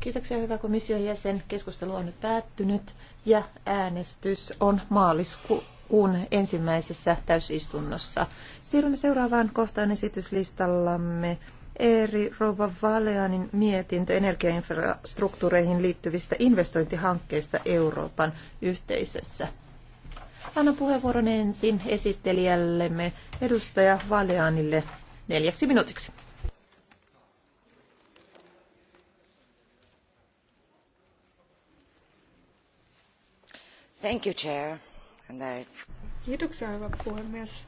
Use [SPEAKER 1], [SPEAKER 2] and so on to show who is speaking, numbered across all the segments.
[SPEAKER 1] Kiitoksia hyvä komission jäsen. Keskustelu on nyt päättynyt ja äänestys on maaliskuun ensimmäisessä täysistunnossa. Siirrymme seuraavaan kohtaan esityslistallamme. eri Rova Valeanin mietintö energiainfrastruktuureihin liittyvistä investointihankkeista Euroopan yhteisössä. Annan puheenvuoron ensin esittelijällemme edustaja Valeanille neljäksi minuutiksi.
[SPEAKER 2] Thank you, Chair. And I...
[SPEAKER 3] Kiitoksia, hyvä puhemies.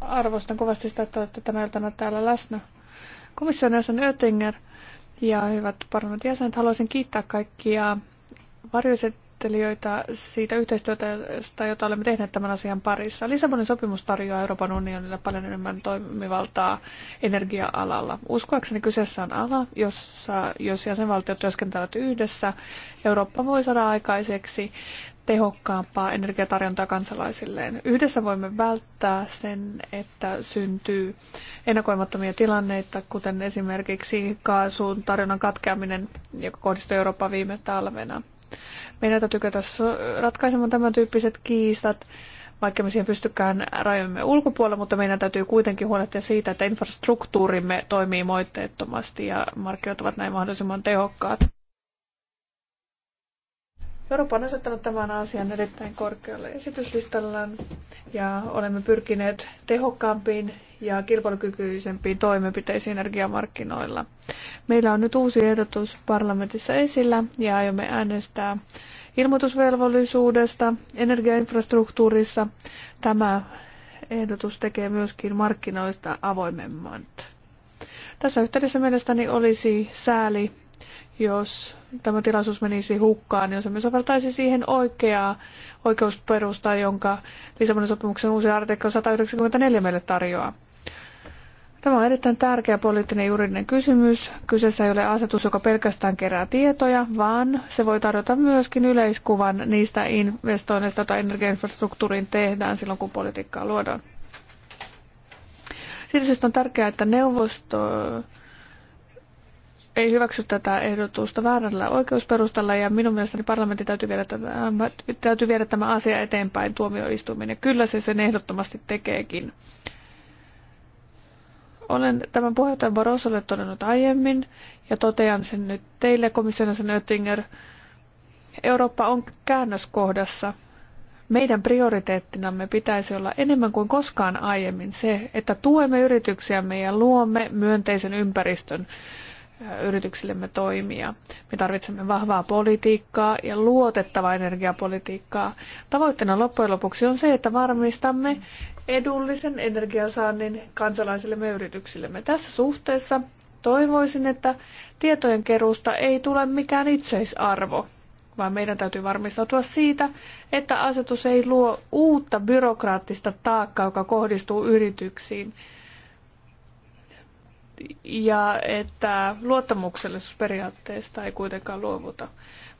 [SPEAKER 3] Arvostan kovasti sitä, että olette tänä iltana täällä läsnä. Komission jäsen Oettinger ja hyvät parlamentin jäsenet, haluaisin kiittää kaikkia varjoiset varjoesittelijöitä siitä yhteistyötä, jota olemme tehneet tämän asian parissa. Lissabonin sopimus tarjoaa Euroopan unionille paljon enemmän toimivaltaa energia-alalla. Uskoakseni kyseessä on ala, jossa jos jäsenvaltiot työskentelevät yhdessä, Eurooppa voi saada aikaiseksi tehokkaampaa energiatarjontaa kansalaisilleen. Yhdessä voimme välttää sen, että syntyy ennakoimattomia tilanneita, kuten esimerkiksi kaasun tarjonnan katkeaminen, joka kohdistui Eurooppaan viime talvena. Meidän täytyy tässä ratkaisemaan tämän tyyppiset kiistat, vaikka me siihen pystykään rajoimme ulkopuolella, mutta meidän täytyy kuitenkin huolehtia siitä, että infrastruktuurimme toimii moitteettomasti ja markkinat ovat näin mahdollisimman tehokkaat. Eurooppa on asettanut tämän asian erittäin korkealle esityslistallaan ja olemme pyrkineet tehokkaampiin ja kilpailukykyisempiin toimenpiteisiin energiamarkkinoilla. Meillä on nyt uusi ehdotus parlamentissa esillä ja aiomme äänestää ilmoitusvelvollisuudesta energiainfrastruktuurissa. Tämä ehdotus tekee myöskin markkinoista avoimemmat. Tässä yhteydessä mielestäni olisi sääli, jos tämä tilaisuus menisi hukkaan, jos emme soveltaisi siihen oikeaa oikeusperustaa, jonka Lissabonin sopimuksen uusi artikkel 194 meille tarjoaa. Tämä on erittäin tärkeä poliittinen juridinen kysymys. Kyseessä ei ole asetus, joka pelkästään kerää tietoja, vaan se voi tarjota myöskin yleiskuvan niistä investoinneista, joita energiainfrastruktuuriin tehdään silloin, kun politiikkaa luodaan. Siitä syystä on tärkeää, että neuvosto ei hyväksy tätä ehdotusta väärällä oikeusperustalla ja minun mielestäni parlamentti täytyy viedä, tämä, täytyy viedä tämä asia eteenpäin tuomioistuimeen ja kyllä se sen ehdottomasti tekeekin. Olen tämän puheenjohtaja Barrosolle todennut aiemmin ja totean sen nyt teille, komissionäisen Oettinger. Eurooppa on käännöskohdassa. Meidän prioriteettinamme pitäisi olla enemmän kuin koskaan aiemmin se, että tuemme yrityksiämme ja luomme myönteisen ympäristön yrityksillemme toimia. Me tarvitsemme vahvaa politiikkaa ja luotettavaa energiapolitiikkaa. Tavoitteena loppujen lopuksi on se, että varmistamme edullisen energiansaannin kansalaisillemme ja yrityksillemme. Tässä suhteessa toivoisin, että tietojen keruusta ei tule mikään itseisarvo, vaan meidän täytyy varmistautua siitä, että asetus ei luo uutta byrokraattista taakkaa, joka kohdistuu yrityksiin – ja että luottamuksellisuusperiaatteesta ei kuitenkaan luovuta.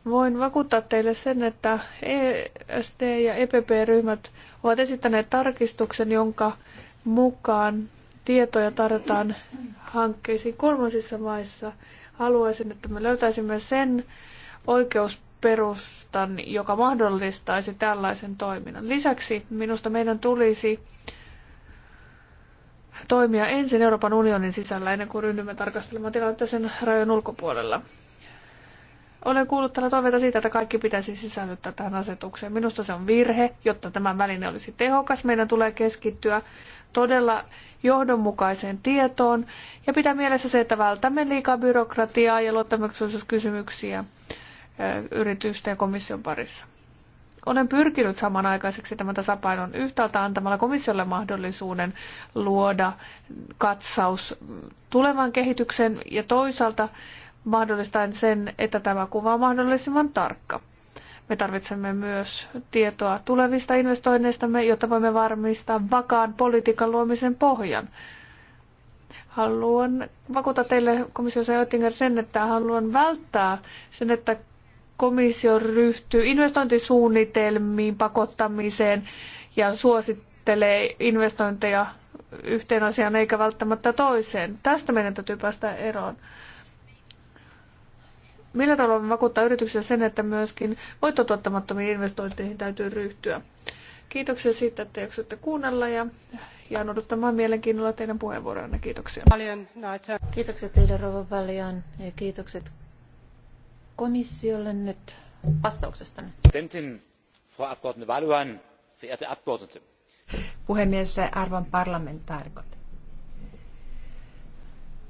[SPEAKER 3] Voin vakuuttaa teille sen, että EST ja EPP-ryhmät ovat esittäneet tarkistuksen, jonka mukaan tietoja tarjotaan hankkeisiin kolmansissa maissa. Haluaisin, että me löytäisimme sen oikeusperustan, joka mahdollistaisi tällaisen toiminnan. Lisäksi minusta meidän tulisi äh, toimia ensin Euroopan unionin sisällä ennen kuin ryhdymme tarkastelemaan tilannetta sen rajojen ulkopuolella. Olen kuullut tällä toiveita siitä, että kaikki pitäisi sisällyttää tähän asetukseen. Minusta se on virhe, jotta tämä väline olisi tehokas. Meidän tulee keskittyä todella johdonmukaiseen tietoon ja pitää mielessä se, että vältämme liikaa byrokratiaa ja luottamuksellisuuskysymyksiä yritysten ja komission parissa olen pyrkinyt samanaikaiseksi tämän tasapainon yhtäältä antamalla komissiolle mahdollisuuden luoda katsaus tulevan kehityksen ja toisaalta mahdollistaen sen, että tämä kuva on mahdollisimman tarkka. Me tarvitsemme myös tietoa tulevista investoinneistamme, jotta voimme varmistaa vakaan politiikan luomisen pohjan. Haluan vakuuttaa teille komissiossa Oettinger sen, että haluan välttää sen, että komissio ryhtyy investointisuunnitelmiin pakottamiseen ja suosittelee investointeja yhteen asiaan eikä välttämättä toiseen. Tästä meidän täytyy päästä eroon. Millä tavalla me vakuuttaa yrityksiä sen, että myöskin voittotuottamattomiin investointeihin täytyy ryhtyä? Kiitoksia siitä, että jaksoitte kuunnella ja jään odottamaan mielenkiinnolla teidän puheenvuoroanne. Kiitoksia. Paljon
[SPEAKER 1] Kiitokset teille Rova Valian ja kiitokset komissiolle nyt vastauksestanne.
[SPEAKER 4] Frau Abgeordnete verehrte Abgeordnete.
[SPEAKER 2] Puhemies, arvon parlamentaarikot.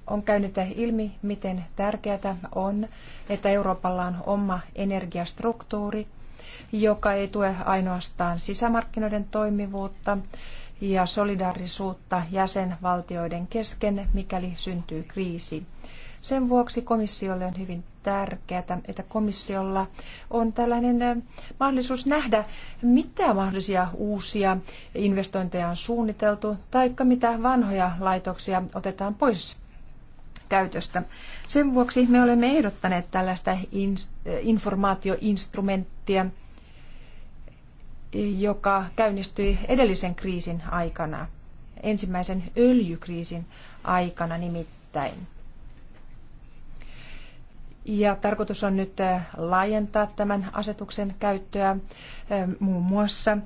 [SPEAKER 2] On käynyt ilmi, miten tärkeää on, että Euroopalla on oma energiastruktuuri, joka ei tue ainoastaan sisämarkkinoiden toimivuutta ja solidaarisuutta jäsenvaltioiden kesken, mikäli syntyy kriisi sen vuoksi komissiolle on hyvin tärkeää, että komissiolla on tällainen eh, mahdollisuus nähdä, mitä mahdollisia uusia investointeja on suunniteltu, tai mitä vanhoja laitoksia otetaan pois käytöstä. Sen vuoksi me olemme ehdottaneet tällaista eh, informaatioinstrumenttia, joka käynnistyi edellisen kriisin aikana, ensimmäisen öljykriisin aikana nimittäin. Ja tarkoitus on nyt äh, laajentaa tämän asetuksen käyttöä. Äh, muun muassa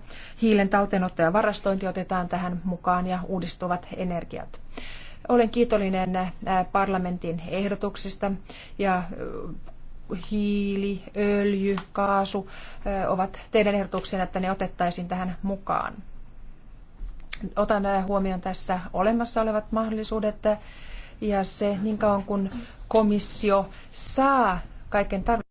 [SPEAKER 2] hiilen talteenotto ja varastointi otetaan tähän mukaan ja uudistuvat energiat. Olen kiitollinen äh, parlamentin ehdotuksista ja hiili, öljy, kaasu ovat teidän ehdotuksena, että ne otettaisiin tähän mukaan. Otan huomioon tässä olemassa olevat mahdollisuudet ja se niin kauan kun komissio saa kaiken tarvittavan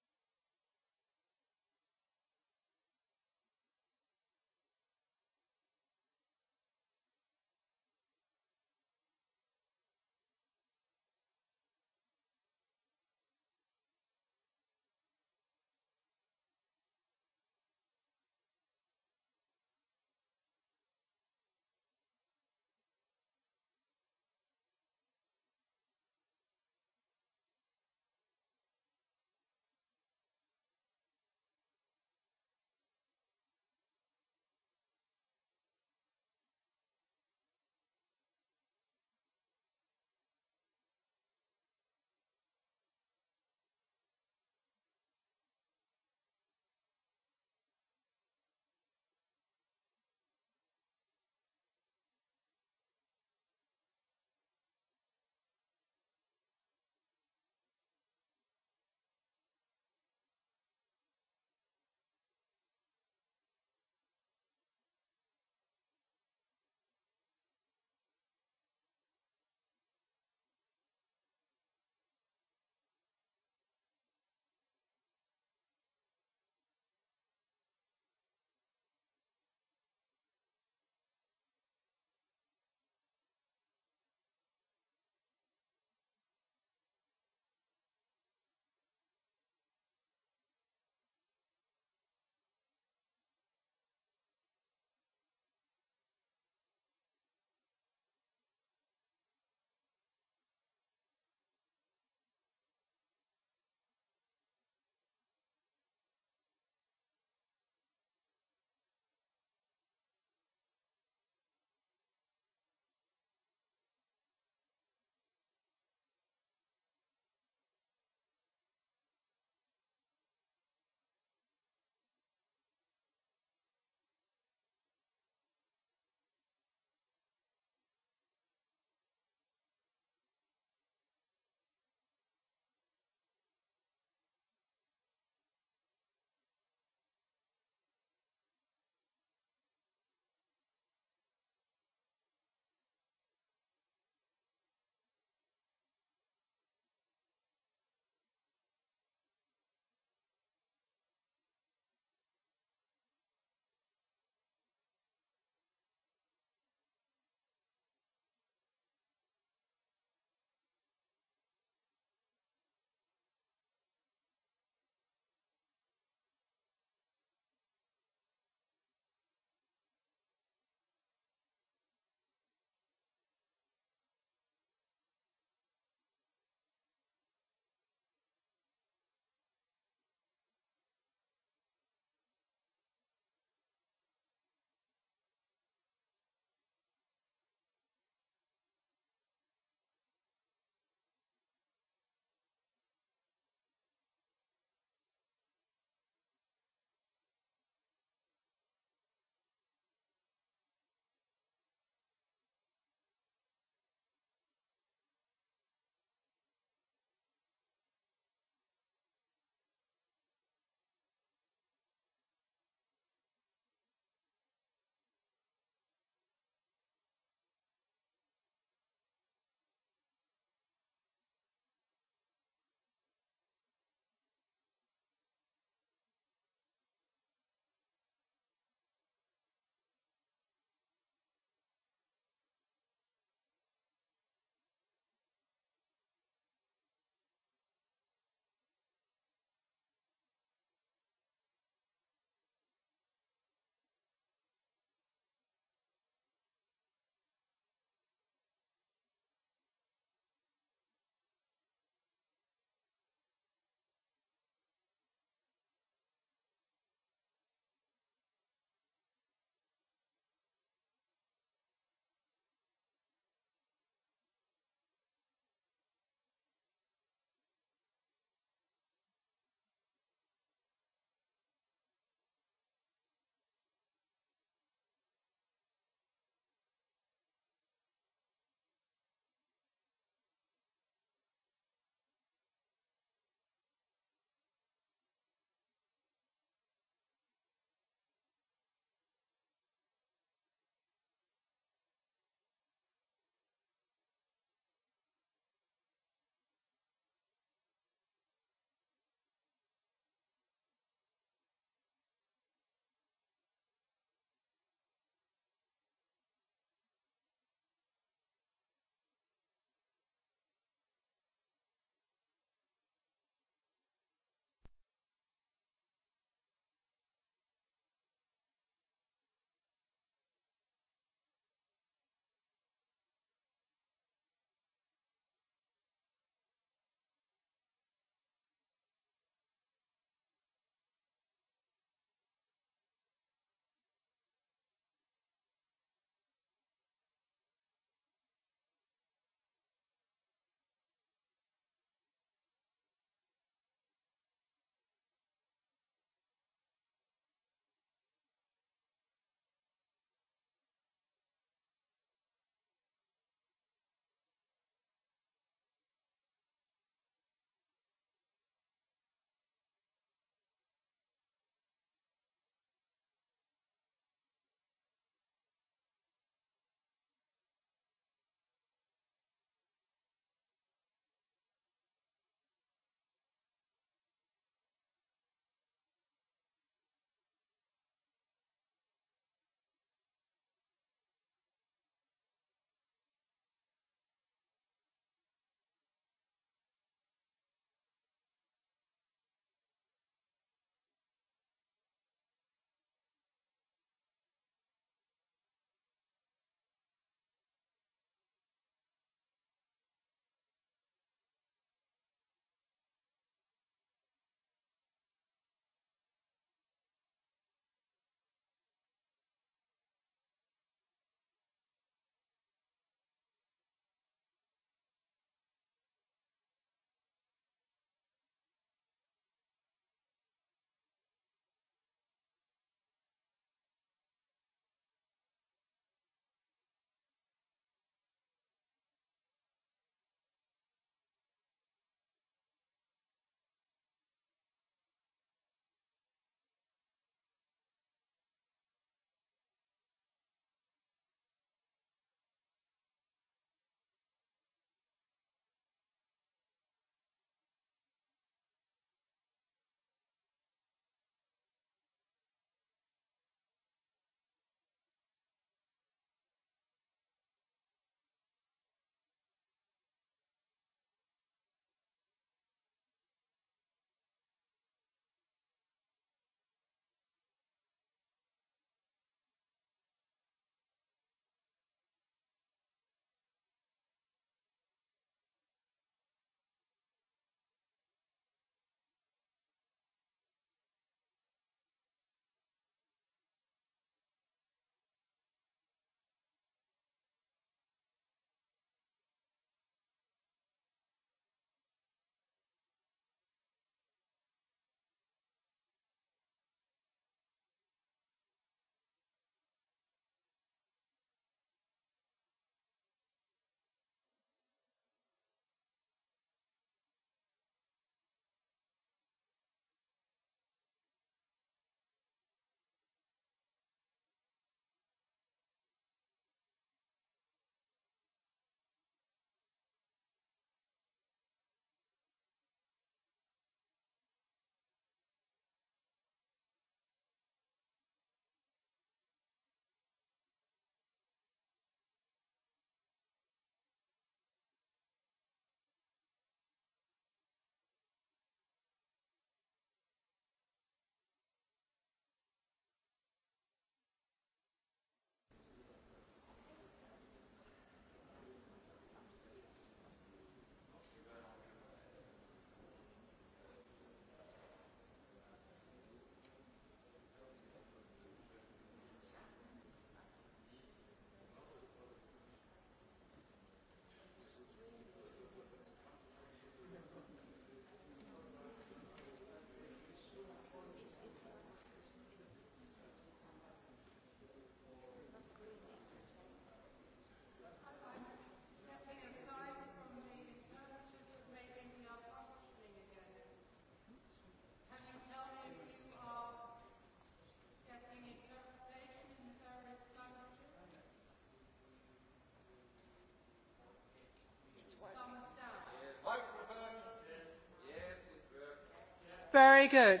[SPEAKER 1] Very good.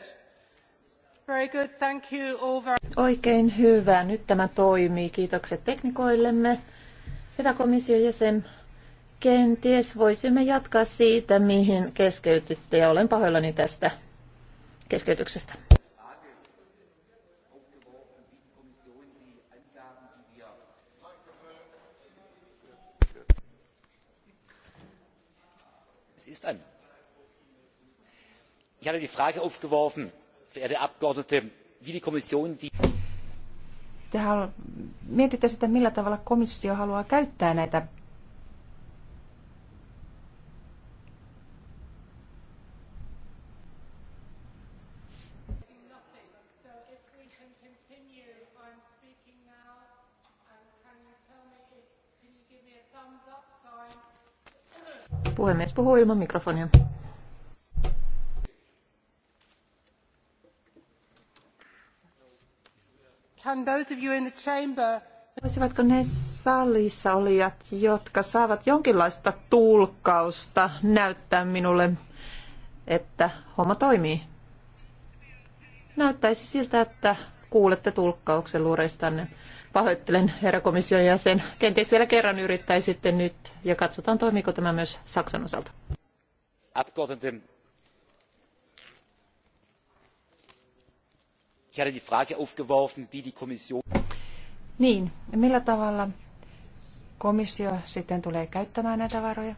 [SPEAKER 1] Very good. Thank you all very... Oikein hyvä. Nyt tämä toimii. Kiitokset teknikoillemme. Hyvä komission jäsen, kenties voisimme jatkaa siitä, mihin keskeytytte, ja olen pahoillani tästä keskeytyksestä.
[SPEAKER 4] Es ist ein ich hatte die frage aufgeworfen verehrte abgeordnete wie die kommission die.
[SPEAKER 2] mietitte sitä millä tavalla komissio haluaa käyttää näitä
[SPEAKER 1] Puhemies puhuu ilman mikrofonia. Voisivatko ne salissa olijat, jotka saavat jonkinlaista tulkkausta, näyttää minulle, että homma toimii? Näyttäisi siltä, että kuulette tulkkauksen luureistanne. Pahoittelen, herra komission jäsen. Kenties vielä kerran yrittäisitte nyt ja katsotaan, toimiiko tämä myös Saksan osalta.
[SPEAKER 4] Ich hatte die Frage aufgeworfen, wie die Kommission...
[SPEAKER 2] Niin, millä tavalla komissio sitten tulee käyttämään näitä varoja?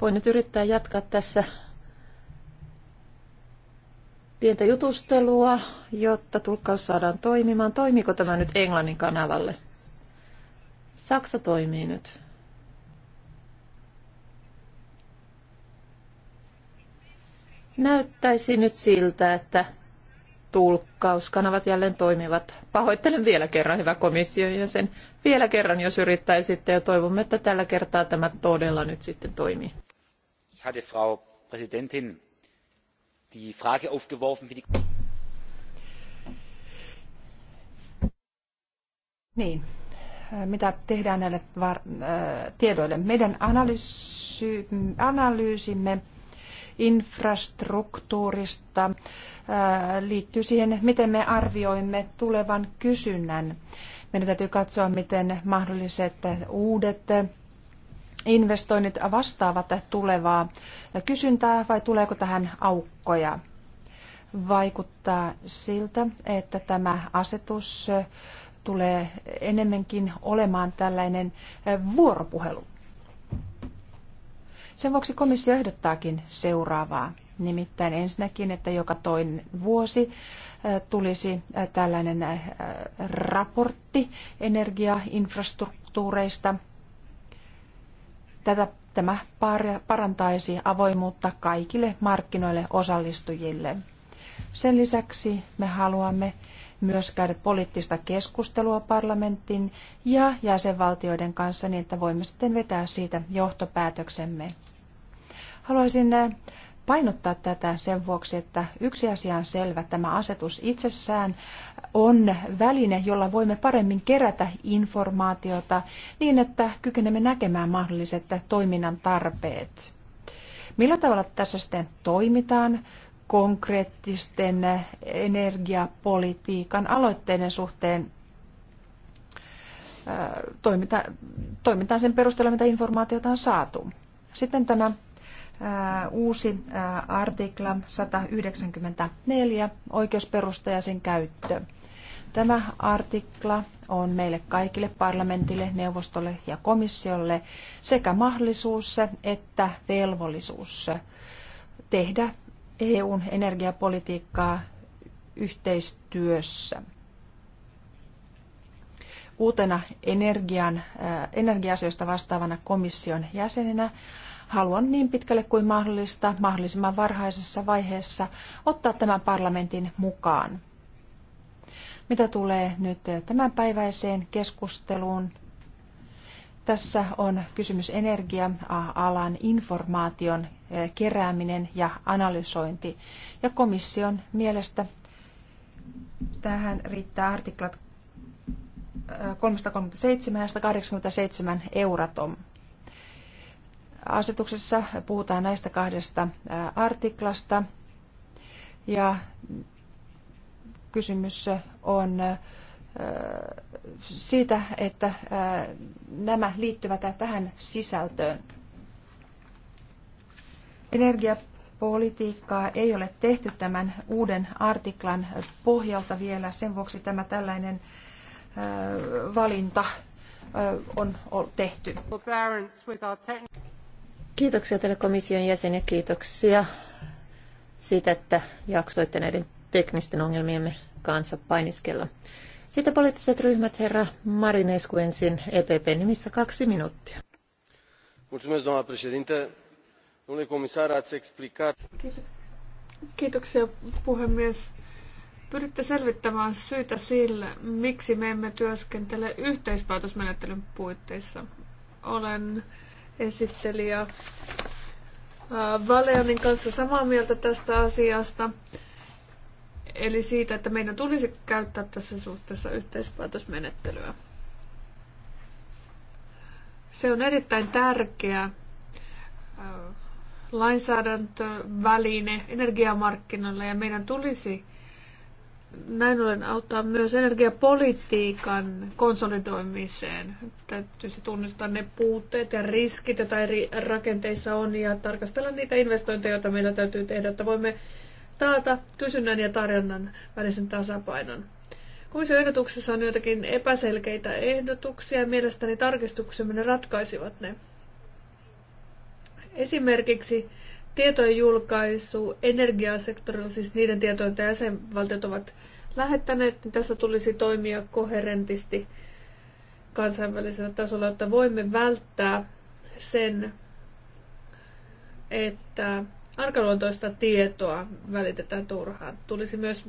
[SPEAKER 1] Voin nyt yrittää jatkaa tässä, pientä jutustelua, jotta tulkkaus saadaan toimimaan. Toimiko tämä nyt Englannin kanavalle? Saksa toimii nyt. Näyttäisi nyt siltä, että tulkkauskanavat jälleen toimivat. Pahoittelen vielä kerran, hyvä komission jäsen. Vielä kerran, jos yrittäisitte ja toivomme, että tällä kertaa tämä todella nyt sitten toimii.
[SPEAKER 4] Ich hatte Frau Präsidentin die frage aufgeworfen wie die
[SPEAKER 2] niin, äh, mitä tehdään näille äh, tiedoille. Meidän analyysi- analyysimme infrastruktuurista äh, liittyy siihen, miten me arvioimme tulevan kysynnän. Meidän täytyy katsoa, miten mahdolliset uudet investoinnit vastaavat tulevaa kysyntää vai tuleeko tähän aukkoja? Vaikuttaa siltä, että tämä asetus tulee enemmänkin olemaan tällainen vuoropuhelu. Sen vuoksi komissio ehdottaakin seuraavaa. Nimittäin ensinnäkin, että joka toinen vuosi tulisi tällainen raportti energiainfrastruktuureista – Tätä, tämä parantaisi avoimuutta kaikille markkinoille osallistujille. Sen lisäksi me haluamme myös käydä poliittista keskustelua parlamentin ja jäsenvaltioiden kanssa niin, että voimme sitten vetää siitä johtopäätöksemme. Haluaisin painottaa tätä sen vuoksi, että yksi asia on selvä. Tämä asetus itsessään on väline, jolla voimme paremmin kerätä informaatiota niin, että kykenemme näkemään mahdolliset toiminnan tarpeet. Millä tavalla tässä sitten toimitaan konkreettisten energiapolitiikan aloitteiden suhteen? Toimita, toimitaan sen perusteella, mitä informaatiota on saatu. Sitten tämä Äh, uusi äh, artikla 194, oikeusperusta ja sen käyttö. Tämä artikla on meille kaikille parlamentille, neuvostolle ja komissiolle sekä mahdollisuus että velvollisuus tehdä EUn energiapolitiikkaa yhteistyössä. Uutena energian, äh, energia vastaavana komission jäsenenä haluan niin pitkälle kuin mahdollista mahdollisimman varhaisessa vaiheessa ottaa tämän parlamentin mukaan. Mitä tulee nyt tämänpäiväiseen keskusteluun, tässä on kysymys energia-alan informaation eh, kerääminen ja analysointi. Ja komission mielestä tähän riittää artiklat 337 eh, ja 187 Euratom asetuksessa puhutaan näistä kahdesta artiklasta ja kysymys on siitä, että nämä liittyvät tähän sisältöön. Energiapolitiikkaa ei ole tehty tämän uuden artiklan pohjalta vielä, sen vuoksi tämä tällainen
[SPEAKER 1] valinta on tehty. Kiitoksia teille komission jäsen ja kiitoksia siitä, että jaksoitte näiden teknisten ongelmiemme kanssa painiskella. Sitten poliittiset ryhmät, herra Marinescu ensin EPP nimissä kaksi minuuttia.
[SPEAKER 2] Mulțumesc, doamna președinte. Domnule comisar, ați explicat...
[SPEAKER 3] Kiitoksia. Kiitoksia, puhemies. Pyritte selvittämään syitä sille, miksi me emme työskentele yhteispäätösmenettelyn puitteissa. Olen ja Valeonin kanssa samaa mieltä tästä asiasta. Eli siitä, että meidän tulisi käyttää tässä suhteessa yhteispäätösmenettelyä. Se on erittäin tärkeä lainsäädäntöväline energiamarkkinoilla ja meidän tulisi näin ollen auttaa myös energiapolitiikan konsolidoimiseen. Täytyy tunnistaa ne puutteet ja riskit, joita eri rakenteissa on, ja tarkastella niitä investointeja, joita meillä täytyy tehdä, että voimme taata kysynnän ja tarjonnan välisen tasapainon. Komission ehdotuksessa on joitakin epäselkeitä ehdotuksia, ja mielestäni tarkistuksemme ne ratkaisivat ne. Esimerkiksi tietojen julkaisu energiasektorilla, siis niiden tietoja, joita jäsenvaltiot ovat lähettäneet, niin tässä tulisi toimia koherentisti kansainvälisellä tasolla, että voimme välttää sen, että arkaluontoista tietoa välitetään turhaan. Tulisi myös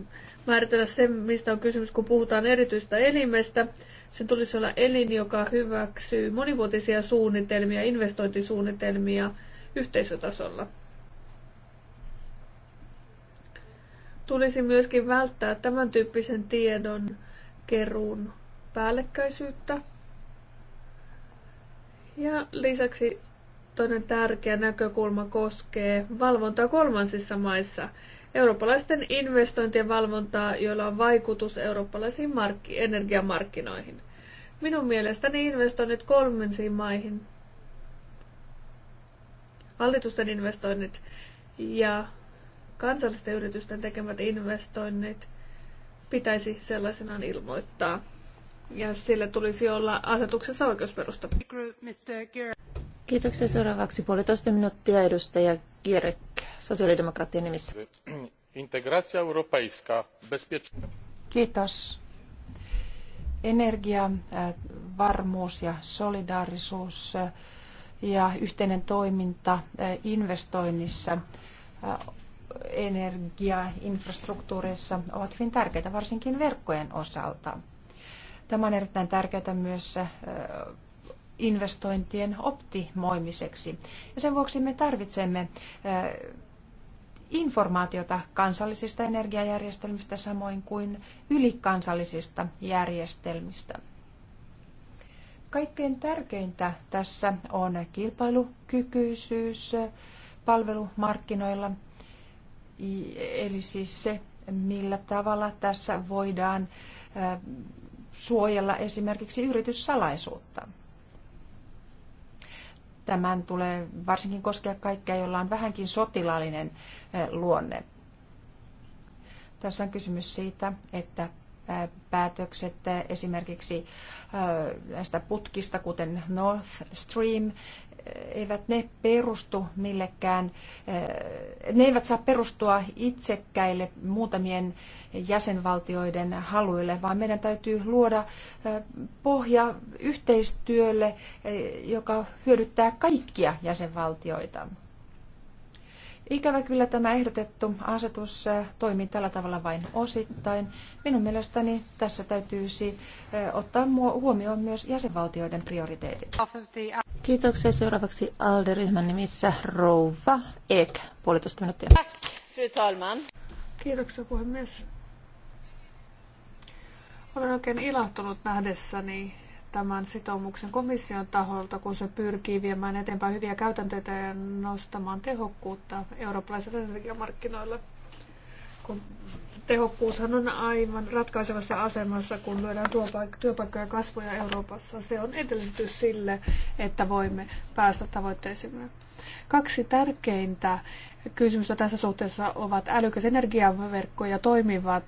[SPEAKER 3] määritellä se, mistä on kysymys, kun puhutaan erityistä elimestä. Sen tulisi olla elin, joka hyväksyy monivuotisia suunnitelmia, investointisuunnitelmia yhteisötasolla. tulisi myöskin välttää tämän tyyppisen tiedon keruun päällekkäisyyttä. Ja lisäksi toinen tärkeä näkökulma koskee valvontaa kolmansissa maissa. Eurooppalaisten investointien valvontaa, joilla on vaikutus eurooppalaisiin mark- energiamarkkinoihin. Minun mielestäni investoinnit kolmansiin maihin, hallitusten investoinnit ja kansallisten yritysten tekemät investoinnit pitäisi sellaisenaan ilmoittaa. Ja sillä tulisi olla asetuksessa oikeusperusta.
[SPEAKER 1] Kiitoksia seuraavaksi puolitoista minuuttia edustaja Gierek sosiaalidemokraattien nimissä. Integraatio europeiska, Kiitos.
[SPEAKER 2] Energia, varmuus ja solidaarisuus ja yhteinen toiminta investoinnissa energiainfrastruktuureissa ovat hyvin tärkeitä, varsinkin verkkojen osalta. Tämä on erittäin tärkeää myös investointien optimoimiseksi. Ja sen vuoksi me tarvitsemme informaatiota kansallisista energiajärjestelmistä samoin kuin ylikansallisista järjestelmistä. Kaikkein tärkeintä tässä on kilpailukykyisyys palvelumarkkinoilla Eli siis se, millä tavalla tässä voidaan suojella esimerkiksi yrityssalaisuutta. Tämän tulee varsinkin koskea kaikkea, jolla on vähänkin sotilaallinen luonne. Tässä on kysymys siitä, että päätökset esimerkiksi näistä putkista, kuten North Stream, eivät ne perustu millekään, eh, ne eivät saa perustua itsekkäille muutamien jäsenvaltioiden haluille, vaan meidän täytyy luoda eh, pohja yhteistyölle, eh, joka hyödyttää kaikkia jäsenvaltioita. Ikävä kyllä tämä ehdotettu asetus toimii tällä tavalla vain osittain. Minun mielestäni tässä täytyisi ottaa huomioon myös jäsenvaltioiden prioriteetit.
[SPEAKER 1] Kiitoksia. Seuraavaksi ALDE-ryhmän nimissä Rouva Ek, puolitoista minuuttia. Tack,
[SPEAKER 3] fru talman. Kiitoksia puhemies. Olen oikein ilahtunut nähdessäni tämän sitoumuksen komission taholta, kun se pyrkii viemään eteenpäin hyviä käytänteitä ja nostamaan tehokkuutta eurooppalaisilla energiamarkkinoilla. Kun tehokkuushan on aivan ratkaisevassa asemassa, kun lyödään työpaikkoja kasvoja Euroopassa. Se on edellytys sille, että voimme päästä tavoitteisiin. Kaksi tärkeintä kysymystä tässä suhteessa ovat älykäs energiaverkko ja toimivat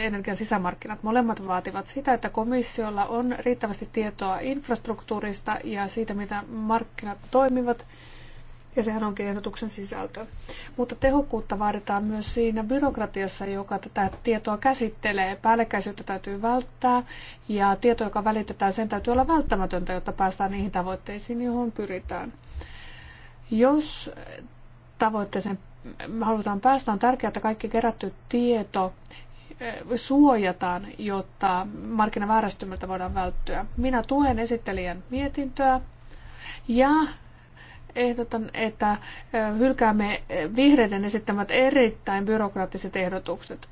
[SPEAKER 3] energian sisämarkkinat. Molemmat vaativat sitä, että komissiolla on riittävästi tietoa infrastruktuurista ja siitä, mitä markkinat toimivat – ja sehän onkin ehdotuksen sisältö. Mutta tehokkuutta vaaditaan myös siinä byrokratiassa, joka tätä tietoa käsittelee. Päällekkäisyyttä täytyy välttää ja tieto, joka välitetään, sen täytyy olla välttämätöntä, jotta päästään niihin tavoitteisiin, johon pyritään. Jos tavoitteeseen halutaan päästä, on tärkeää, että kaikki kerätty tieto eh, suojataan, jotta markkinavääristymältä voidaan välttyä. Minä tuen esittelijän mietintöä ja ehdotan, että hylkäämme vihreiden esittämät erittäin byrokraattiset ehdotukset.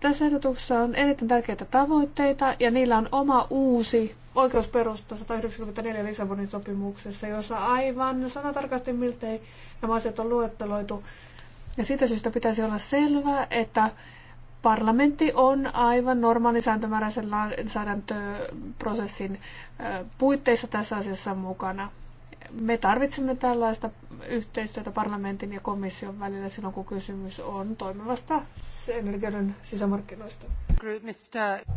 [SPEAKER 3] Tässä ehdotuksessa on erittäin tärkeitä tavoitteita ja niillä on oma uusi oikeusperusta 194 Lissabonin sopimuksessa, jossa aivan sanatarkasti miltei nämä asiat on luetteloitu. Ja siitä syystä pitäisi olla selvää, että parlamentti on aivan normaali sääntömääräisen lainsäädäntöprosessin puitteissa tässä asiassa mukana me tarvitsemme tällaista yhteistyötä parlamentin ja komission välillä silloin, kun kysymys on toimivasta energian sisämarkkinoista.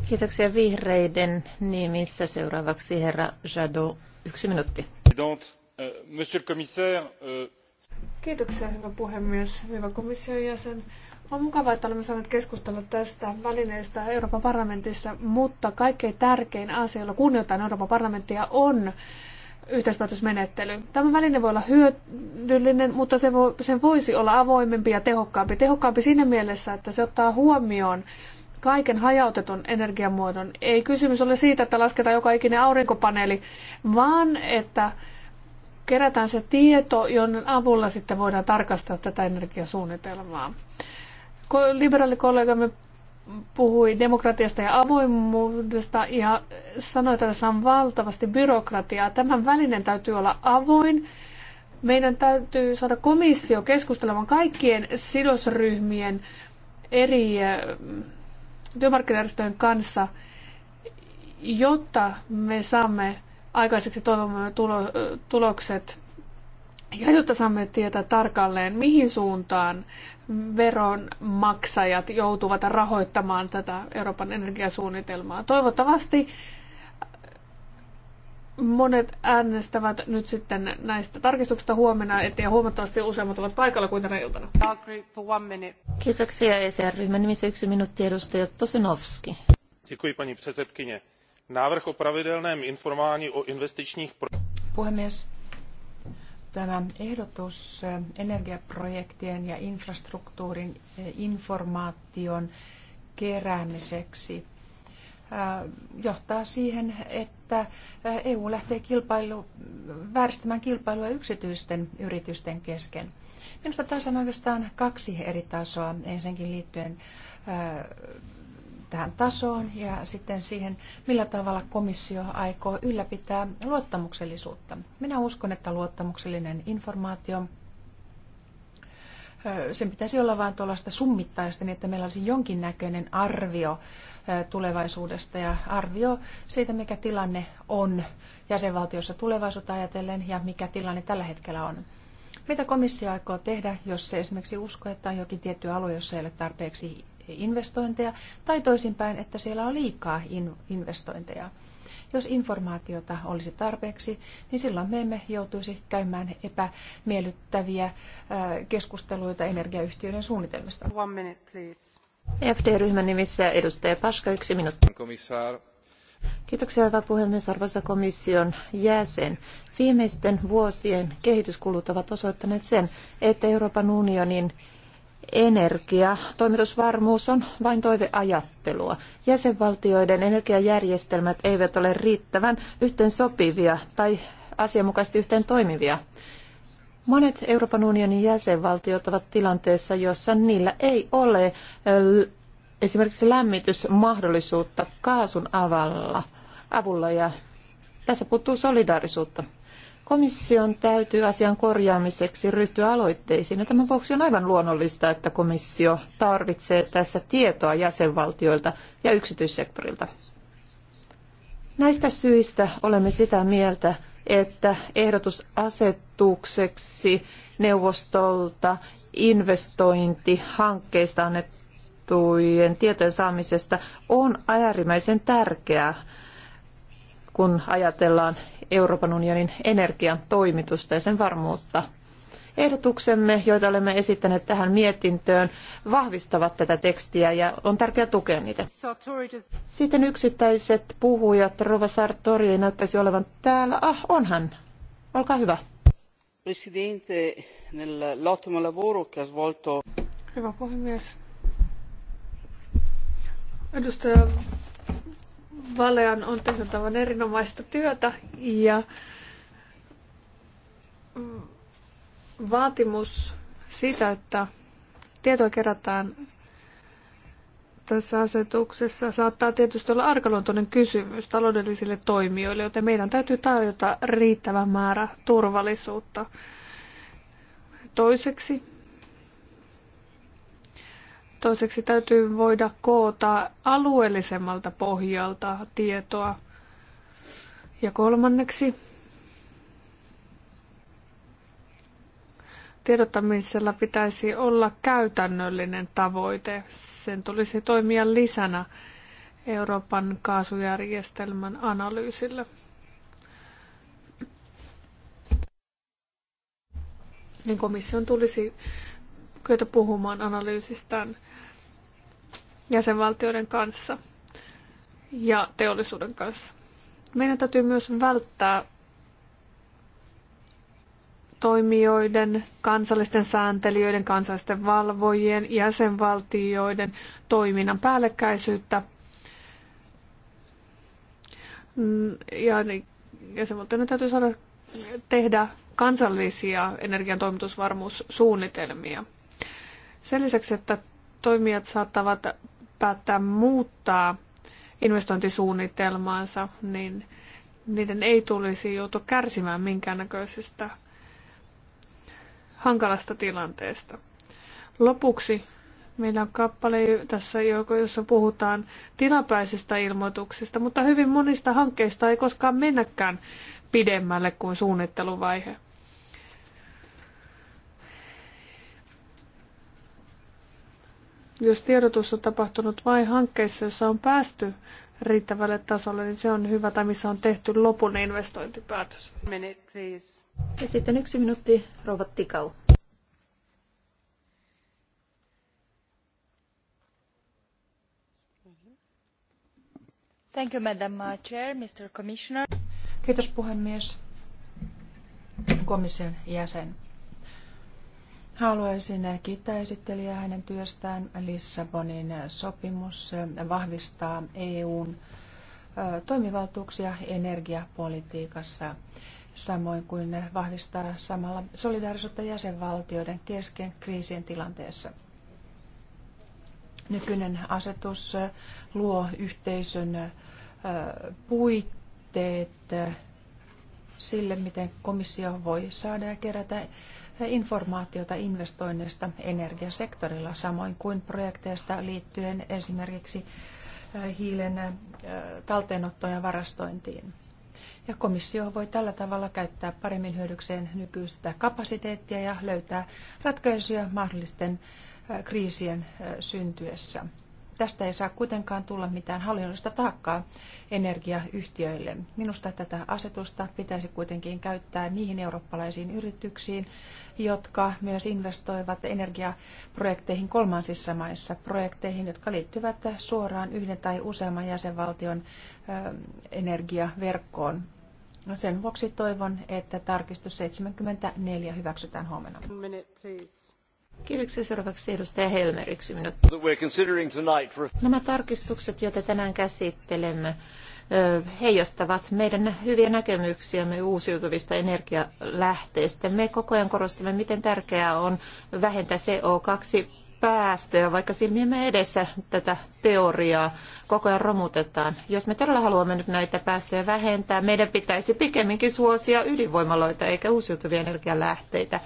[SPEAKER 1] Kiitoksia vihreiden nimissä. Seuraavaksi herra Jadot, yksi minuutti.
[SPEAKER 4] Euh, euh,
[SPEAKER 3] Kiitoksia, hyvä puhemies, hyvä komission jäsen. On mukavaa, että olemme saaneet keskustella tästä välineestä Euroopan parlamentissa, mutta kaikkein tärkein asia, jolla kunnioitetaan Euroopan parlamenttia, on yhteispäätösmenettely. Tämä väline voi olla hyödyllinen, mutta se voi, sen voisi olla avoimempi ja tehokkaampi. Tehokkaampi siinä mielessä, että se ottaa huomioon kaiken hajautetun energiamuodon. Ei kysymys ole siitä, että lasketaan joka ikinen aurinkopaneeli, vaan että kerätään se tieto, jonne avulla sitten voidaan tarkastaa tätä energiasuunnitelmaa. Liberaalikollegamme puhui demokratiasta ja avoimuudesta ja sanoi, että tässä on valtavasti byrokratiaa. Tämän välinen täytyy olla avoin. Meidän täytyy saada komissio keskustelemaan kaikkien sidosryhmien eri työmarkkinajärjestöjen kanssa, jotta me saamme aikaiseksi toivomme tulokset. Ja jotta saamme tietää tarkalleen, mihin suuntaan veronmaksajat joutuvat rahoittamaan tätä Euroopan energiasuunnitelmaa. Toivottavasti monet äänestävät nyt sitten näistä tarkistuksista huomenna, ja huomattavasti useammat ovat paikalla kuin tänä iltana.
[SPEAKER 1] Kiitoksia ECR-ryhmän nimissä yksi minuutti edustaja Tosinovski.
[SPEAKER 2] Děkuji, pani předsedkyně. Návrh o pravidelném informování o investičních... Puhemies tämä ehdotus energiaprojektien ja infrastruktuurin informaation keräämiseksi johtaa siihen, että EU lähtee kilpailu, vääristämään kilpailua yksityisten yritysten kesken. Minusta tässä on oikeastaan kaksi eri tasoa, ensinnäkin liittyen tähän tasoon ja sitten siihen, millä tavalla komissio aikoo ylläpitää luottamuksellisuutta. Minä uskon, että luottamuksellinen informaatio, sen pitäisi olla vain tuollaista summittaista, niin että meillä olisi jonkinnäköinen arvio tulevaisuudesta ja arvio siitä, mikä tilanne on jäsenvaltiossa tulevaisuutta ajatellen ja mikä tilanne tällä hetkellä on. Mitä komissio aikoo tehdä, jos se esimerkiksi uskoo, että on jokin tietty alue, jossa ei ole tarpeeksi investointeja, tai toisinpäin, että siellä on liikaa investointeja. Jos informaatiota olisi tarpeeksi, niin silloin me emme joutuisi käymään epämiellyttäviä keskusteluita energiayhtiöiden suunnitelmista.
[SPEAKER 1] One minute, please. FD-ryhmän nimissä edustaja Paska, yksi minuutti. Komissaar. Kiitoksia, hyvä puhemies, arvoisa komission jäsen. Viimeisten vuosien kehityskulut ovat osoittaneet sen, että Euroopan unionin energia, toimitusvarmuus on vain toiveajattelua. Jäsenvaltioiden energiajärjestelmät eivät ole riittävän yhteen sopivia tai asianmukaisesti yhteen toimivia. Monet Euroopan unionin jäsenvaltiot ovat tilanteessa, jossa niillä ei ole esimerkiksi lämmitysmahdollisuutta kaasun avalla, avulla ja tässä puuttuu solidaarisuutta. Komission täytyy asian korjaamiseksi ryhtyä aloitteisiin ja tämän vuoksi on aivan luonnollista, että komissio tarvitsee tässä tietoa jäsenvaltioilta ja yksityissektorilta. Näistä syistä olemme sitä mieltä, että ehdotus asetukseksi neuvostolta investointihankkeista annettujen tietojen saamisesta on äärimmäisen tärkeää, kun ajatellaan Euroopan unionin energian toimitusta ja sen varmuutta. Ehdotuksemme, joita olemme esittäneet tähän mietintöön, vahvistavat tätä tekstiä ja on tärkeää tukea niitä. Sitten yksittäiset puhujat. Rova Sartori ei näyttäisi olevan täällä. Ah, onhan. Olkaa hyvä.
[SPEAKER 3] Presidente, nell'ottimo lavoro che ha svolto... Hyvä puhemies. Edustaja Valean on tehnyt aivan erinomaista työtä ja vaatimus siitä, että tietoa kerätään tässä asetuksessa saattaa tietysti olla arkaluontoinen kysymys taloudellisille toimijoille, joten meidän täytyy tarjota riittävä määrä turvallisuutta. Toiseksi Toiseksi täytyy voida koota alueellisemmalta pohjalta tietoa. Ja kolmanneksi tiedottamisella pitäisi olla käytännöllinen tavoite. Sen tulisi toimia lisänä Euroopan kaasujärjestelmän analyysillä. Niin komission tulisi kyetä puhumaan analyysistään jäsenvaltioiden kanssa ja teollisuuden kanssa. Meidän täytyy myös välttää toimijoiden, kansallisten sääntelijöiden, kansallisten valvojien, jäsenvaltioiden toiminnan päällekkäisyyttä mm, ja niin jäsenvaltioiden täytyy saada tehdä kansallisia energiantoimitusvarmuussuunnitelmia. Sen lisäksi, että toimijat saattavat päättää muuttaa investointisuunnitelmaansa, niin niiden ei tulisi joutua kärsimään minkäännäköisestä hankalasta tilanteesta. Lopuksi meillä on kappale tässä, jossa puhutaan tilapäisistä ilmoituksista, mutta hyvin monista hankkeista ei koskaan mennäkään pidemmälle kuin suunnitteluvaihe. Jos tiedotus on tapahtunut vain hankkeissa, joissa on päästy riittävälle tasolle, niin se on hyvä, tai missä on tehty lopun investointipäätös. please? Ja
[SPEAKER 1] sitten yksi minuutti, rouva Tikau.
[SPEAKER 3] Thank you,
[SPEAKER 2] Madam uh, Chair, Mr. Commissioner. Kiitos puhemies, komission jäsen. Haluaisin kiittää esittelijää hänen työstään. Lissabonin sopimus vahvistaa EUn toimivaltuuksia energiapolitiikassa, samoin kuin vahvistaa samalla solidaarisuutta jäsenvaltioiden kesken kriisien tilanteessa. Nykyinen asetus luo yhteisön puitteet sille, miten komissio voi saada ja kerätä informaatiota investoinneista energiasektorilla, samoin kuin projekteista liittyen esimerkiksi hiilen talteenottoon ja varastointiin. Ja komissio voi tällä tavalla käyttää paremmin hyödykseen nykyistä kapasiteettia ja löytää ratkaisuja mahdollisten kriisien syntyessä. Tästä ei saa kuitenkaan tulla mitään hallinnollista taakkaa energiayhtiöille. Minusta tätä asetusta pitäisi kuitenkin käyttää niihin eurooppalaisiin yrityksiin, jotka myös investoivat energiaprojekteihin kolmansissa maissa, projekteihin, jotka liittyvät suoraan yhden tai useamman jäsenvaltion energiaverkkoon. Sen vuoksi toivon, että tarkistus
[SPEAKER 1] 74 hyväksytään huomenna. Kiitoksia seuraavaksi edustaja Helmer, yksi minuutti. Nämä tarkistukset, joita tänään käsittelemme, heijastavat meidän hyviä näkemyksiämme uusiutuvista energialähteistä. Me koko ajan korostamme, miten tärkeää on vähentää CO2 päästöjä, vaikka silmiemme edessä tätä teoriaa koko ajan romutetaan. Jos me todella haluamme nyt näitä päästöjä vähentää, meidän pitäisi pikemminkin suosia ydinvoimaloita eikä uusiutuvia energialähteitä.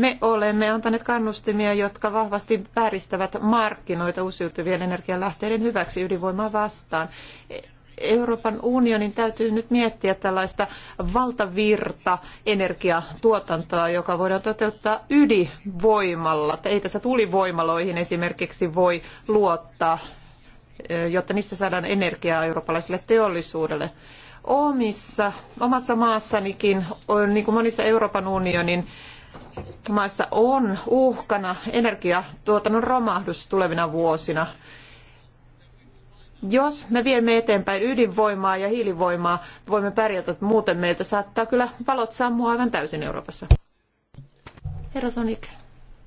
[SPEAKER 1] Me olemme antaneet kannustimia, jotka vahvasti vääristävät markkinoita uusiutuvien energialähteiden hyväksi ydinvoimaa vastaan. Euroopan unionin täytyy nyt miettiä tällaista valtavirta energiatuotantoa, joka voidaan toteuttaa ydinvoimalla. Ei tässä tulivoimaloihin esimerkiksi voi luottaa, eh, jotta niistä saadaan energiaa eurooppalaiselle teollisuudelle. Omissa, omassa maassanikin, niin kuin monissa Euroopan unionin maissa on uhkana energiatuotannon romahdus tulevina vuosina. Jos me viemme eteenpäin ydinvoimaa ja hiilivoimaa, voimme pärjätä, että muuten meiltä saattaa kyllä valot sammua aivan täysin Euroopassa. Herra Sonik,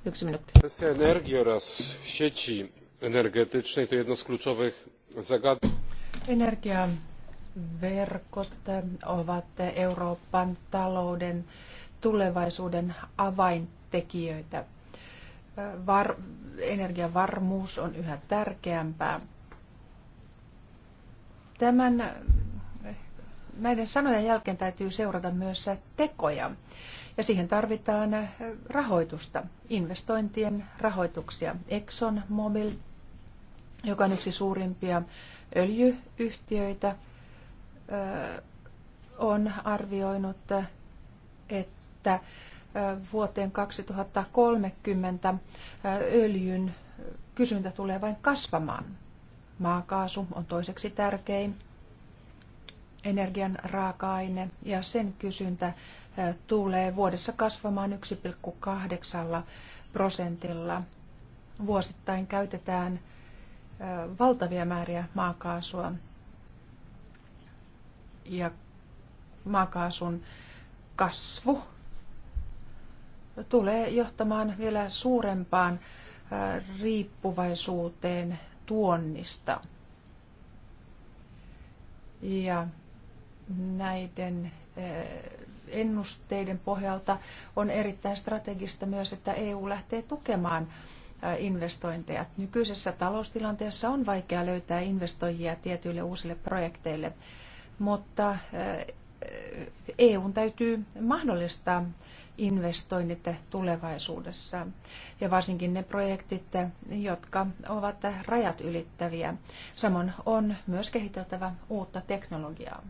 [SPEAKER 1] yksi minuutti. Kwestia energia
[SPEAKER 4] oraz sieci energetycznej to jedno z kluczowych
[SPEAKER 2] Energiaverkot ovat Euroopan talouden tulevaisuuden avaintekijöitä. Var, energiavarmuus on yhä tärkeämpää. Tämän, näiden sanojen jälkeen täytyy seurata myös tekoja. Ja siihen tarvitaan rahoitusta, investointien rahoituksia. Exxon Mobil, joka on yksi suurimpia öljyyhtiöitä, on arvioinut, että että vuoteen 2030 öljyn kysyntä tulee vain kasvamaan. Maakaasu on toiseksi tärkein energian raaka-aine ja sen kysyntä tulee vuodessa kasvamaan 1,8 prosentilla. Vuosittain käytetään valtavia määriä maakaasua ja maakaasun kasvu tulee johtamaan vielä suurempaan riippuvaisuuteen tuonnista. Ja näiden ennusteiden pohjalta on erittäin strategista myös, että EU lähtee tukemaan investointeja. Nykyisessä taloustilanteessa on vaikea löytää investoijia tietyille uusille projekteille, mutta EUn täytyy mahdollistaa investoinnit tulevaisuudessa. Ja varsinkin ne projektit, jotka ovat rajat ylittäviä. Samoin on myös kehiteltävä uutta teknologiaa.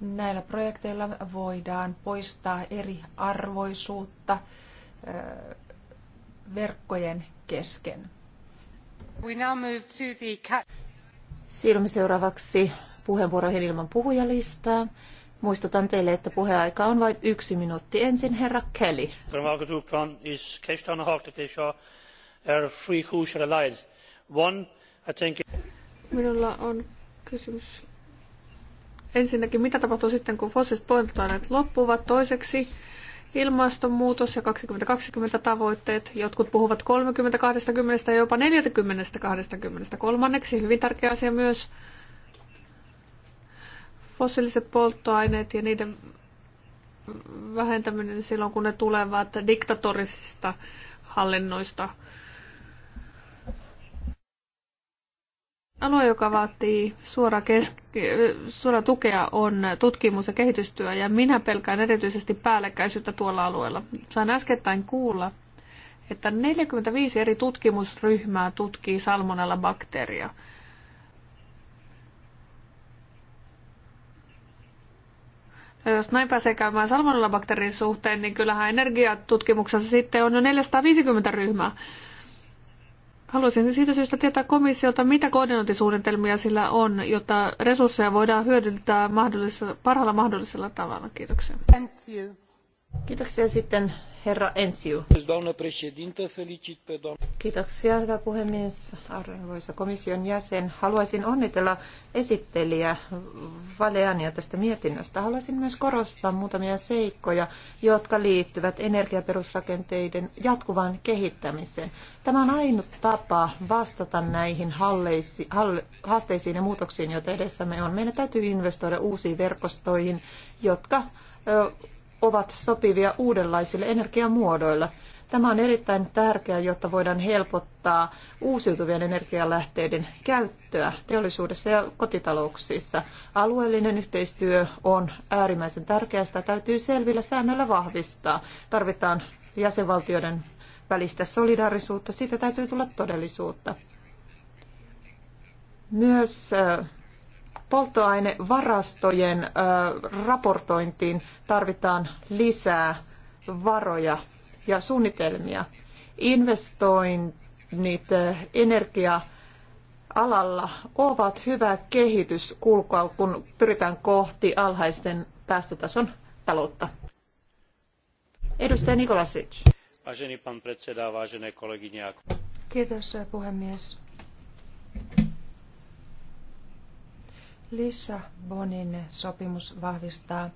[SPEAKER 2] Näillä projekteilla voidaan poistaa eri arvoisuutta
[SPEAKER 1] verkkojen kesken. We now move to the... Siirrymme seuraavaksi puheenvuoroihin ilman puhujalistaa. Muistutan teille, että puheaika on vain yksi minuutti. Ensin herra Kelly. Er Minulla on
[SPEAKER 3] kysymys. Ensinnäkin, mitä tapahtuu sitten, kun fossiiliset polttoaineet loppuvat? Toiseksi, ilmastonmuutos ja 2020 tavoitteet. Jotkut puhuvat 30, 20 ja jopa 40, 20. Kolmanneksi, hyvin tärkeä asia myös, fossiiliset polttoaineet ja niiden vähentäminen silloin, kun ne tulevat diktatorisista hallinnoista. Alue, joka vaatii suora, keske- suora tukea, on tutkimus- ja kehitystyö, ja minä pelkään erityisesti päällekkäisyyttä tuolla alueella. Sain äskettäin kuulla, että 45 eri tutkimusryhmää tutkii salmonella bakteeria. jos näin pääsee käymään salmonellabakteerin suhteen, niin kyllähän energiatutkimuksessa sitten on jo 450 ryhmää. Haluaisin siitä syystä tietää komissiolta, mitä koordinointisuunnitelmia sillä on, jotta resursseja voidaan hyödyntää mahdollis- parhaalla mahdollisella tavalla. Kiitoksia.
[SPEAKER 1] Kiitoksia sitten herra Ensiu. Kiitoksia, hyvä puhemies, arvoisa komission jäsen. Haluaisin onnitella esittelijä Valeania tästä mietinnöstä. Haluaisin myös korostaa muutamia seikkoja, jotka liittyvät energiaperusrakenteiden jatkuvaan kehittämiseen. Tämä on ainut tapa vastata näihin halleisi, halle, haasteisiin ja muutoksiin, joita edessämme on. Meidän täytyy investoida uusiin verkostoihin, jotka ö, ovat sopivia uudenlaisille energiamuodoille. Tämä on erittäin tärkeää, jotta voidaan helpottaa uusiutuvien energialähteiden käyttöä teollisuudessa ja kotitalouksissa. Alueellinen yhteistyö on äärimmäisen tärkeää, sitä täytyy selvillä säännöillä vahvistaa. Tarvitaan jäsenvaltioiden välistä solidaarisuutta, siitä täytyy tulla todellisuutta. Myös äh, polttoainevarastojen raportointiin tarvitaan lisää varoja ja suunnitelmia. Investoinnit energia-alalla ovat hyvä kehityskulkua, kun pyritään kohti alhaisten päästötason taloutta.
[SPEAKER 4] Edustaja Nikolasic.
[SPEAKER 2] Kiitos puhemies. Lissabonin sopimus vahvistaa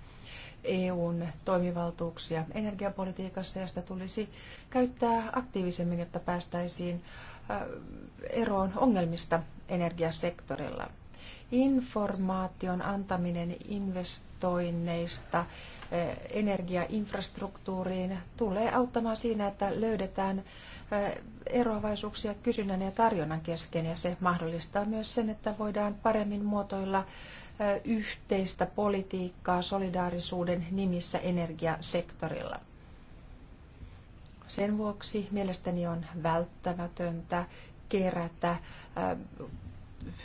[SPEAKER 2] EUn toimivaltuuksia energiapolitiikassa ja sitä tulisi käyttää aktiivisemmin, jotta päästäisiin äh, eroon ongelmista energiasektorilla informaation antaminen investoinneista eh, energiainfrastruktuuriin tulee auttamaan siinä, että löydetään eh, eroavaisuuksia kysynnän ja tarjonnan kesken ja se mahdollistaa myös sen, että voidaan paremmin muotoilla eh, yhteistä politiikkaa solidaarisuuden nimissä energiasektorilla. Sen vuoksi mielestäni on välttämätöntä kerätä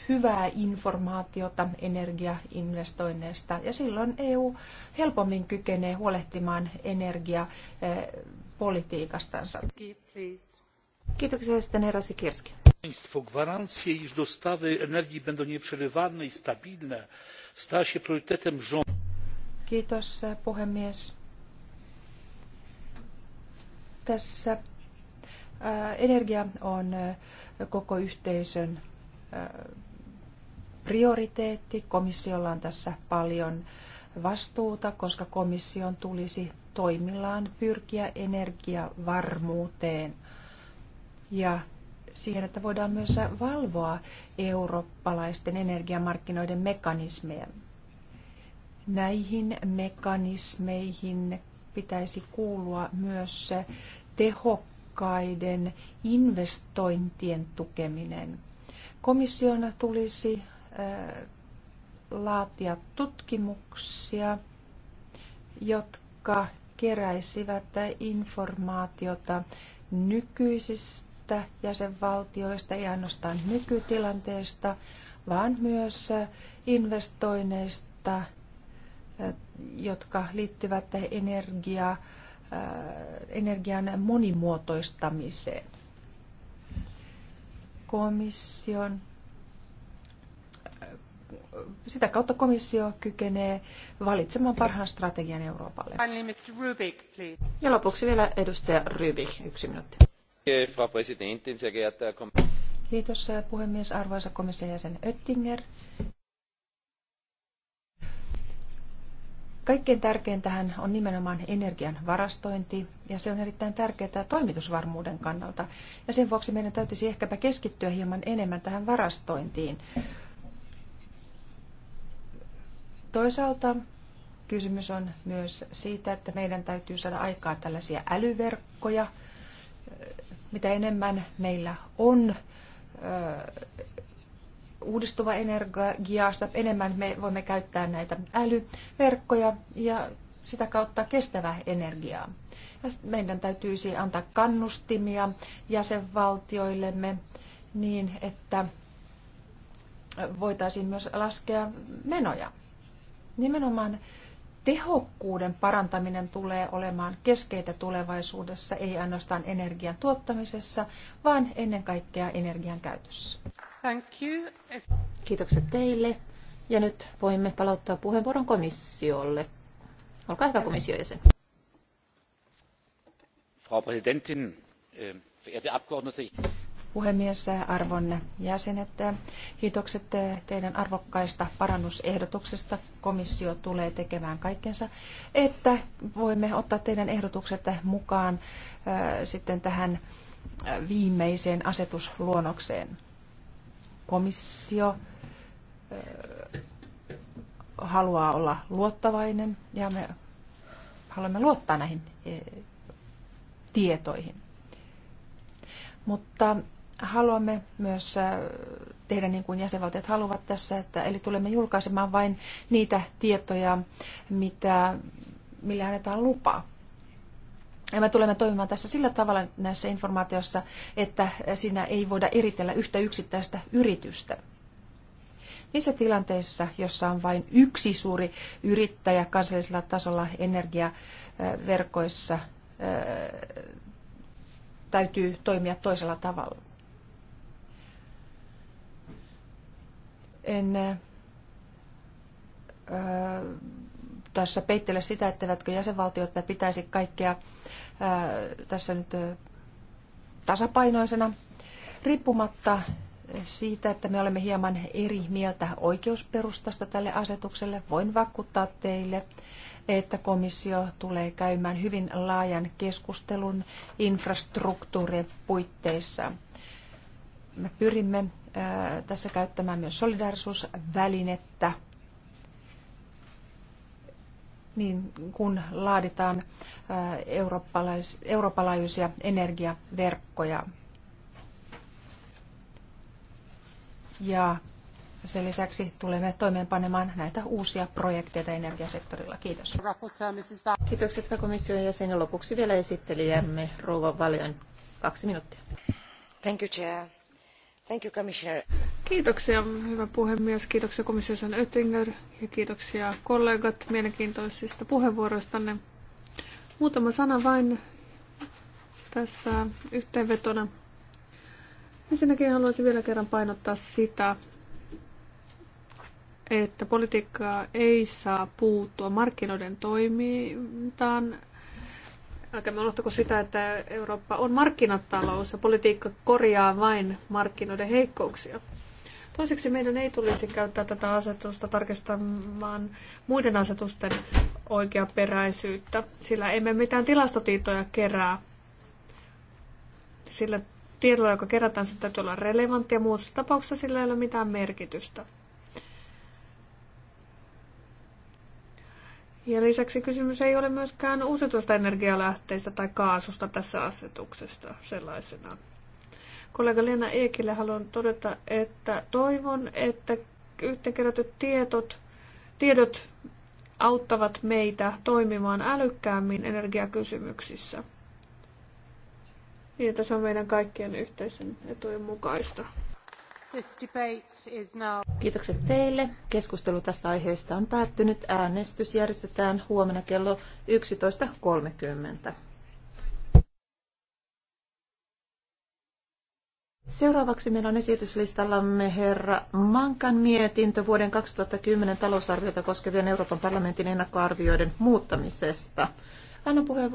[SPEAKER 2] hyvää informaatiota energiainvestoinneista ja silloin EU helpommin kykenee huolehtimaan energiapolitiikastansa. Kiitoksia sitten herra Sikirski.
[SPEAKER 4] Państwo gwarancje, iż dostawy energii będą nieprzerywane i stabilne, stała się priorytetem rządu.
[SPEAKER 2] Kiitos puhemies. Tässä energia on koko yhteisön prioriteetti. Komissiolla on tässä paljon vastuuta, koska komission tulisi toimillaan pyrkiä energiavarmuuteen ja siihen, että voidaan myös valvoa eurooppalaisten energiamarkkinoiden mekanismeja. Näihin mekanismeihin pitäisi kuulua myös tehokkaiden investointien tukeminen – Komissiona tulisi äh, laatia tutkimuksia, jotka keräisivät informaatiota nykyisistä jäsenvaltioista, ei ainoastaan nykytilanteesta, vaan myös investoinneista, äh, jotka liittyvät energia äh, energian monimuotoistamiseen komission äh, sitä kautta komissio kykenee valitsemaan parhaan strategian Euroopalle.
[SPEAKER 1] Ja lopuksi vielä edustaja Rybik, yksi minuutti.
[SPEAKER 2] Kiitos äh, puhemies, arvoisa komission jäsen Oettinger. Kaikkein tähän on nimenomaan energian varastointi, ja se on erittäin tärkeää toimitusvarmuuden kannalta. Ja sen vuoksi meidän täytyisi ehkäpä keskittyä hieman enemmän tähän varastointiin. Toisaalta kysymys on myös siitä, että meidän täytyy saada aikaa tällaisia älyverkkoja. Mitä enemmän meillä on uudistuva energia sitä enemmän me voimme käyttää näitä älyverkkoja ja sitä kautta kestävää energiaa. Ja meidän täytyisi antaa kannustimia jäsenvaltioillemme niin, että voitaisiin myös laskea menoja. Nimenomaan tehokkuuden parantaminen tulee olemaan keskeitä tulevaisuudessa, ei ainoastaan energian tuottamisessa,
[SPEAKER 1] vaan ennen kaikkea energian käytössä. Thank Kiitokset teille. Ja nyt voimme palauttaa puheenvuoron komissiolle. Olkaa hyvä komission jäsen.
[SPEAKER 4] Frau Präsidentin, äh, verehrte Abgeordnete.
[SPEAKER 2] Puhemies, arvon jäsenet, kiitokset teidän arvokkaista parannusehdotuksesta. Komissio tulee tekemään kaikkensa, että voimme ottaa teidän ehdotukset mukaan äh, sitten tähän äh, viimeiseen asetusluonnokseen komissio haluaa olla luottavainen ja me haluamme luottaa näihin e, tietoihin. Mutta haluamme myös tehdä niin kuin jäsenvaltiot haluavat tässä, että eli tulemme julkaisemaan vain niitä tietoja, mitä, millä annetaan lupaa ja me tulemme toimimaan tässä sillä tavalla näissä informaatiossa, että siinä ei voida eritellä yhtä yksittäistä yritystä. Niissä tilanteissa, jossa on vain yksi suuri yrittäjä kansallisella tasolla energiaverkoissa, täytyy toimia toisella tavalla. En tässä peittele sitä, etteivätkö jäsenvaltiot pitäisi kaikkea ää, tässä nyt ä, tasapainoisena, riippumatta siitä, että me olemme hieman eri mieltä oikeusperustasta tälle asetukselle. Voin vakuuttaa teille, että komissio tulee käymään hyvin laajan keskustelun infrastruktuurien puitteissa. Me pyrimme tässä käyttämään myös solidarisuusvälinettä niin kun laaditaan eurooppalais, eurooppalaajuisia energiaverkkoja. Ja sen lisäksi tulemme toimeenpanemaan näitä uusia projekteja energiasektorilla. Kiitos.
[SPEAKER 1] Kiitokset komission jäsenen lopuksi vielä esittelijämme Rouva Valjan. Kaksi minuuttia. Thank you, Chair. Kiitoksia, hyvä puhemies. Kiitoksia
[SPEAKER 3] komissiosan Oettinger ja kiitoksia kollegat mielenkiintoisista puheenvuoroistanne. Muutama sana vain tässä yhteenvetona. Ensinnäkin haluaisin vielä kerran painottaa sitä, että politiikkaa ei saa puuttua markkinoiden toimintaan Älkäämme unohtako sitä, että Eurooppa on markkinatalous ja politiikka korjaa vain markkinoiden heikkouksia. Toiseksi meidän ei tulisi käyttää tätä asetusta tarkistamaan muiden asetusten oikeaperäisyyttä, sillä emme mitään tilastotietoja kerää. Sillä tiedolla, joka kerätään, sitä täytyy olla relevanttia. Muussa tapauksessa sillä ei ole mitään merkitystä. Ja lisäksi kysymys ei ole myöskään uusiutuista energialähteistä tai kaasusta tässä asetuksesta sellaisenaan. Kollega Lena Eekille haluan todeta, että toivon, että yhteenkerätyt tiedot, tiedot auttavat meitä toimimaan älykkäämmin energiakysymyksissä. Niin, se on meidän kaikkien
[SPEAKER 1] yhteisen etujen mukaista. Kiitokset teille. Keskustelu tästä aiheesta on päättynyt. Äänestys järjestetään huomenna kello 11.30. Seuraavaksi meillä on esityslistallamme herra Mankan mietintö vuoden 2010 talousarviota koskevien Euroopan parlamentin ennakkoarvioiden muuttamisesta. Anna puheenvuoro.